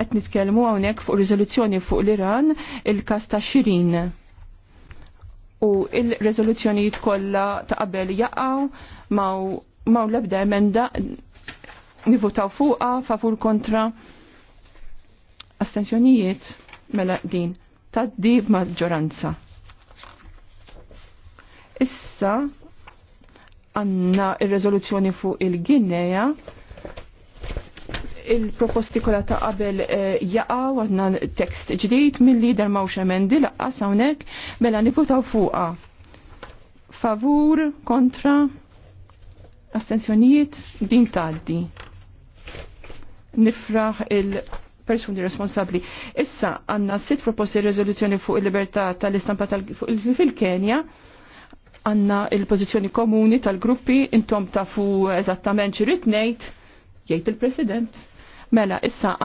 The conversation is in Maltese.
qed nitkellmu hawnhekk fuq riżoluzzjoni fuq l-Iran il-każ ta' Xirin. U il-riżoluzzjonijiet kollha ta' qabel jaqgħu maw l-ebda emenda nivutaw fuqa favur kontra astensjonijiet mela din ta' di maġġoranza. Issa għanna il rezoluzzjoni fuq il-Ginneja il-proposti kolla ta' qabel eh, jaqa għadna tekst ġdijt mill-lider mawx emendi laqqa sawnek mela nifutaw fuqa. Favur, kontra, astensjonijiet, din taddi. Nifraħ il- persuni responsabli. Issa għanna sitt proposti rezoluzjoni fuq il-libertà tal-istampa fil-Kenja, għanna il-pozizjoni komuni tal-gruppi, intom tafu eżattament xirrit nejt, jgħid il-President. Mela, issa